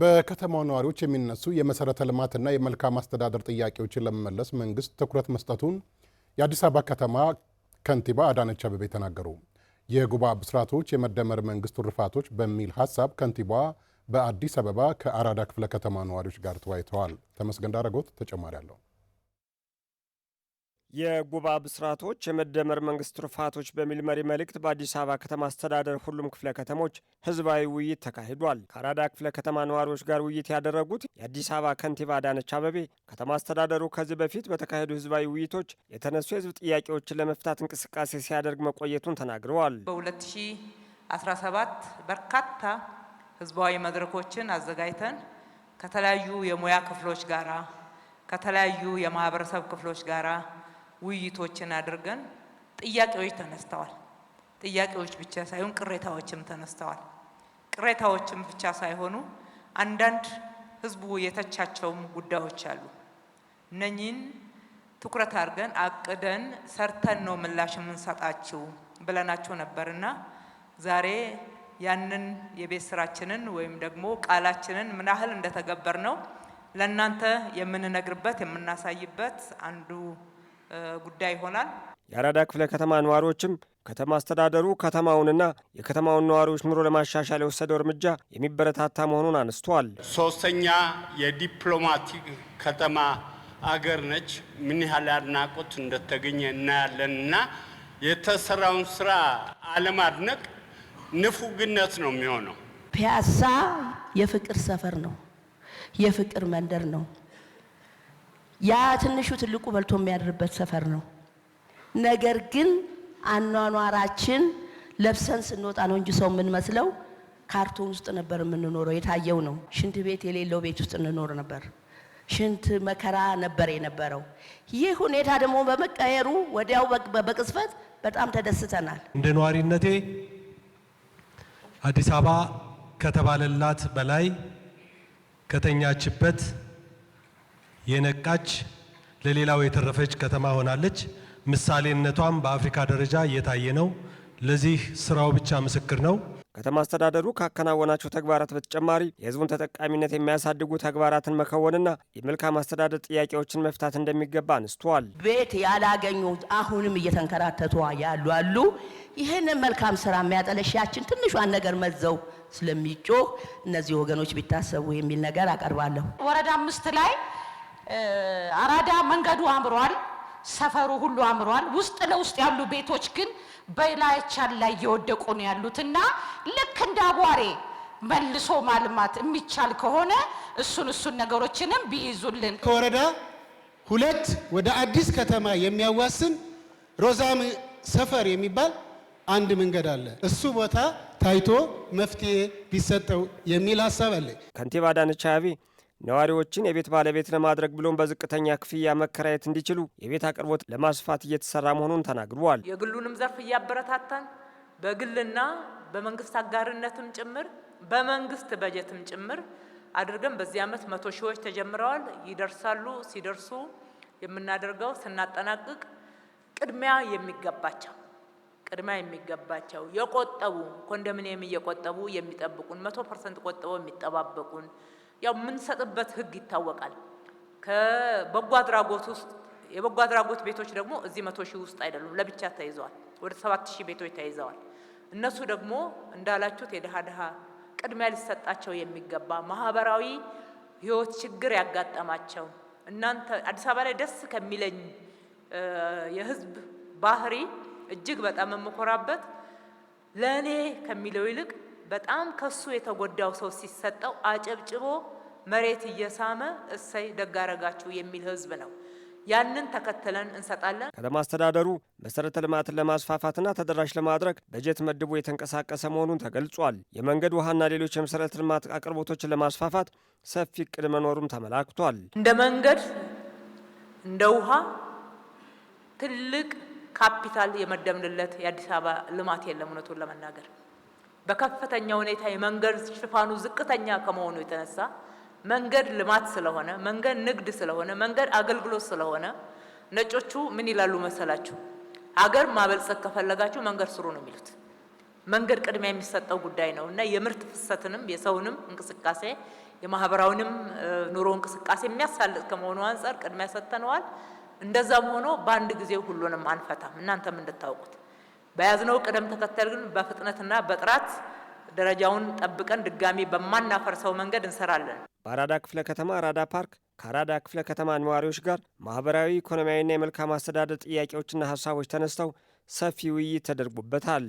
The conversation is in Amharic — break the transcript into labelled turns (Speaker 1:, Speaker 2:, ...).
Speaker 1: በከተማው ነዋሪዎች የሚነሱ የመሰረተ ልማትና የመልካም አስተዳደር ጥያቄዎችን ለመመለስ መንግስት ትኩረት መስጠቱን የአዲስ አበባ ከተማ ከንቲባ አዳነች አቤቤ ተናገሩ። የጉባ ብስራቶች የመደመር መንግስት ትሩፋቶች በሚል ሀሳብ ከንቲባ በአዲስ አበባ ከአራዳ ክፍለ ከተማ ነዋሪዎች ጋር ተወያይተዋል። ተመስገን ዳረጎት ተጨማሪ አለው።
Speaker 2: የጉባ ብስራቶች የመደመር መንግስት ትሩፋቶች በሚል መሪ መልእክት በአዲስ አበባ ከተማ አስተዳደር ሁሉም ክፍለ ከተሞች ህዝባዊ ውይይት ተካሂዷል። ከአራዳ ክፍለ ከተማ ነዋሪዎች ጋር ውይይት ያደረጉት የአዲስ አበባ ከንቲባ አዳነች አበቤ ከተማ አስተዳደሩ ከዚህ በፊት በተካሄዱ ህዝባዊ ውይይቶች የተነሱ የህዝብ ጥያቄዎችን ለመፍታት እንቅስቃሴ ሲያደርግ መቆየቱን ተናግረዋል።
Speaker 3: በ2017 በርካታ ህዝባዊ መድረኮችን አዘጋጅተን ከተለያዩ የሙያ ክፍሎች ጋራ ከተለያዩ የማህበረሰብ ክፍሎች ጋራ ውይይቶችን አድርገን ጥያቄዎች ተነስተዋል። ጥያቄዎች ብቻ ሳይሆን ቅሬታዎችም ተነስተዋል። ቅሬታዎችም ብቻ ሳይሆኑ አንዳንድ ህዝቡ የተቻቸውም ጉዳዮች አሉ። እነኚህን ትኩረት አድርገን አቅደን ሰርተን ነው ምላሽ የምንሰጣችው ብለናቸው ነበርና ዛሬ ያንን የቤት ስራችንን ወይም ደግሞ ቃላችንን ምን ያህል እንደተገበር ነው ለእናንተ የምንነግርበት የምናሳይበት አንዱ ጉዳይ ይሆናል።
Speaker 2: የአራዳ ክፍለ ከተማ ነዋሪዎችም ከተማ አስተዳደሩ ከተማውንና የከተማውን ነዋሪዎች ኑሮ ለማሻሻል የወሰደው እርምጃ የሚበረታታ መሆኑን አንስተዋል።
Speaker 4: ሶስተኛ የዲፕሎማቲክ ከተማ አገር ነች። ምን ያህል አድናቆት እንደተገኘ እናያለን እና የተሰራውን ስራ አለማድነቅ ንፉግነት ነው የሚሆነው።
Speaker 5: ፒያሳ የፍቅር ሰፈር ነው፣ የፍቅር መንደር ነው። ያ ትንሹ ትልቁ በልቶ የሚያድርበት ሰፈር ነው። ነገር ግን አኗኗራችን ለብሰን ስንወጣ ነው እንጂ ሰው የምንመስለው ካርቶን ውስጥ ነበር የምንኖረው። የታየው ነው። ሽንት ቤት የሌለው ቤት ውስጥ እንኖር ነበር። ሽንት መከራ ነበር የነበረው። ይህ ሁኔታ ደግሞ በመቀየሩ ወዲያው በቅጽበት በጣም ተደስተናል።
Speaker 6: እንደ ነዋሪነቴ አዲስ አበባ ከተባለላት በላይ ከተኛችበት የነቃች ለሌላው የተረፈች ከተማ ሆናለች። ምሳሌነቷም በአፍሪካ ደረጃ እየታየ ነው። ለዚህ ስራው ብቻ ምስክር ነው።
Speaker 2: ከተማ አስተዳደሩ ካከናወናቸው ተግባራት በተጨማሪ የህዝቡን ተጠቃሚነት የሚያሳድጉ ተግባራትን መከወንና የመልካም አስተዳደር ጥያቄዎችን መፍታት እንደሚገባ አንስተዋል።
Speaker 5: ቤት ያላገኙ አሁንም እየተንከራተቱ ያሉ አሉ። ይህንን መልካም ስራ የሚያጠለሻችን ትንሿን ነገር መዘው ስለሚጮህ እነዚህ ወገኖች ቢታሰቡ የሚል ነገር አቀርባለሁ።
Speaker 7: ወረዳ አምስት ላይ አራዳ መንገዱ አምሯል፣ ሰፈሩ ሁሉ አምሯል። ውስጥ ለውስጥ ያሉ ቤቶች ግን በላይቻል ላይ እየወደቁ ነው ያሉት እና ልክ እንደ አቧሬ መልሶ ማልማት የሚቻል ከሆነ እሱን እሱን ነገሮችንም ቢይዙልን
Speaker 6: ከወረዳ ሁለት ወደ አዲስ ከተማ የሚያዋስን ሮዛም ሰፈር የሚባል አንድ መንገድ አለ። እሱ ቦታ ታይቶ መፍትሄ ቢሰጠው የሚል ሀሳብ አለ።
Speaker 2: ከንቲባ አዳነች አቤቤ ነዋሪዎችን የቤት ባለቤት ለማድረግ ብሎም በዝቅተኛ ክፍያ መከራየት እንዲችሉ የቤት አቅርቦት ለማስፋት እየተሰራ መሆኑን ተናግረዋል።
Speaker 3: የግሉንም ዘርፍ እያበረታታን በግልና በመንግስት አጋርነትም ጭምር በመንግስት በጀትም ጭምር አድርገን በዚህ ዓመት መቶ ሺዎች ተጀምረዋል። ይደርሳሉ። ሲደርሱ የምናደርገው ስናጠናቅቅ ቅድሚያ የሚገባቸው ቅድሚያ የሚገባቸው የቆጠቡ ኮንዶሚኒየም እየቆጠቡ የሚጠብቁን መቶ ፐርሰንት ቆጥበው የሚጠባበቁን ያው የምንሰጥበት ህግ ይታወቃል። ከበጎ አድራጎት ውስጥ የበጎ አድራጎት ቤቶች ደግሞ እዚህ መቶ ሺህ ውስጥ አይደሉም፣ ለብቻ ተይዘዋል። ወደ ሰባት ሺህ ቤቶች ተይዘዋል። እነሱ ደግሞ እንዳላችሁት የድሃ ድሃ ቅድሚያ ሊሰጣቸው የሚገባ ማህበራዊ ህይወት ችግር ያጋጠማቸው እናንተ አዲስ አበባ ላይ ደስ ከሚለኝ የህዝብ ባህሪ እጅግ በጣም የምኮራበት ለእኔ ከሚለው ይልቅ በጣም ከሱ የተጎዳው ሰው ሲሰጠው አጨብጭቦ መሬት እየሳመ እሰይ ደጋረጋችሁ የሚል ህዝብ ነው። ያንን ተከትለን እንሰጣለን።
Speaker 2: ከተማ አስተዳደሩ መሰረተ ልማትን ለማስፋፋትና ተደራሽ ለማድረግ በጀት መድቦ የተንቀሳቀሰ መሆኑን ተገልጿል። የመንገድ ውሃና ሌሎች የመሰረተ ልማት አቅርቦቶችን ለማስፋፋት ሰፊ እቅድ መኖሩም ተመላክቷል።
Speaker 3: እንደ መንገድ እንደ ውሃ ትልቅ ካፒታል የመደብንለት የአዲስ አበባ ልማት የለም እውነቱን ለመናገር በከፍተኛ ሁኔታ የመንገድ ሽፋኑ ዝቅተኛ ከመሆኑ የተነሳ መንገድ ልማት ስለሆነ መንገድ ንግድ ስለሆነ መንገድ አገልግሎት ስለሆነ ነጮቹ ምን ይላሉ መሰላችሁ? አገር ማበልጸግ ከፈለጋችሁ መንገድ ስሩ ነው የሚሉት። መንገድ ቅድሚያ የሚሰጠው ጉዳይ ነው እና የምርት ፍሰትንም የሰውንም እንቅስቃሴ የማህበራዊንም ኑሮ እንቅስቃሴ የሚያሳልጥ ከመሆኑ አንጻር ቅድሚያ ሰጥተነዋል። እንደዛም ሆኖ በአንድ ጊዜ ሁሉንም አንፈታም፣ እናንተም እንድታውቁት በያዝነው ቅደም ተከተል ግን በፍጥነትና በጥራት ደረጃውን ጠብቀን ድጋሚ በማናፈርሰው መንገድ እንሰራለን።
Speaker 2: በአራዳ ክፍለ ከተማ አራዳ ፓርክ ከአራዳ ክፍለ ከተማ ነዋሪዎች ጋር ማህበራዊ፣ ኢኮኖሚያዊና የመልካም አስተዳደር ጥያቄዎችና ሀሳቦች ተነስተው ሰፊ ውይይት ተደርጎበታል።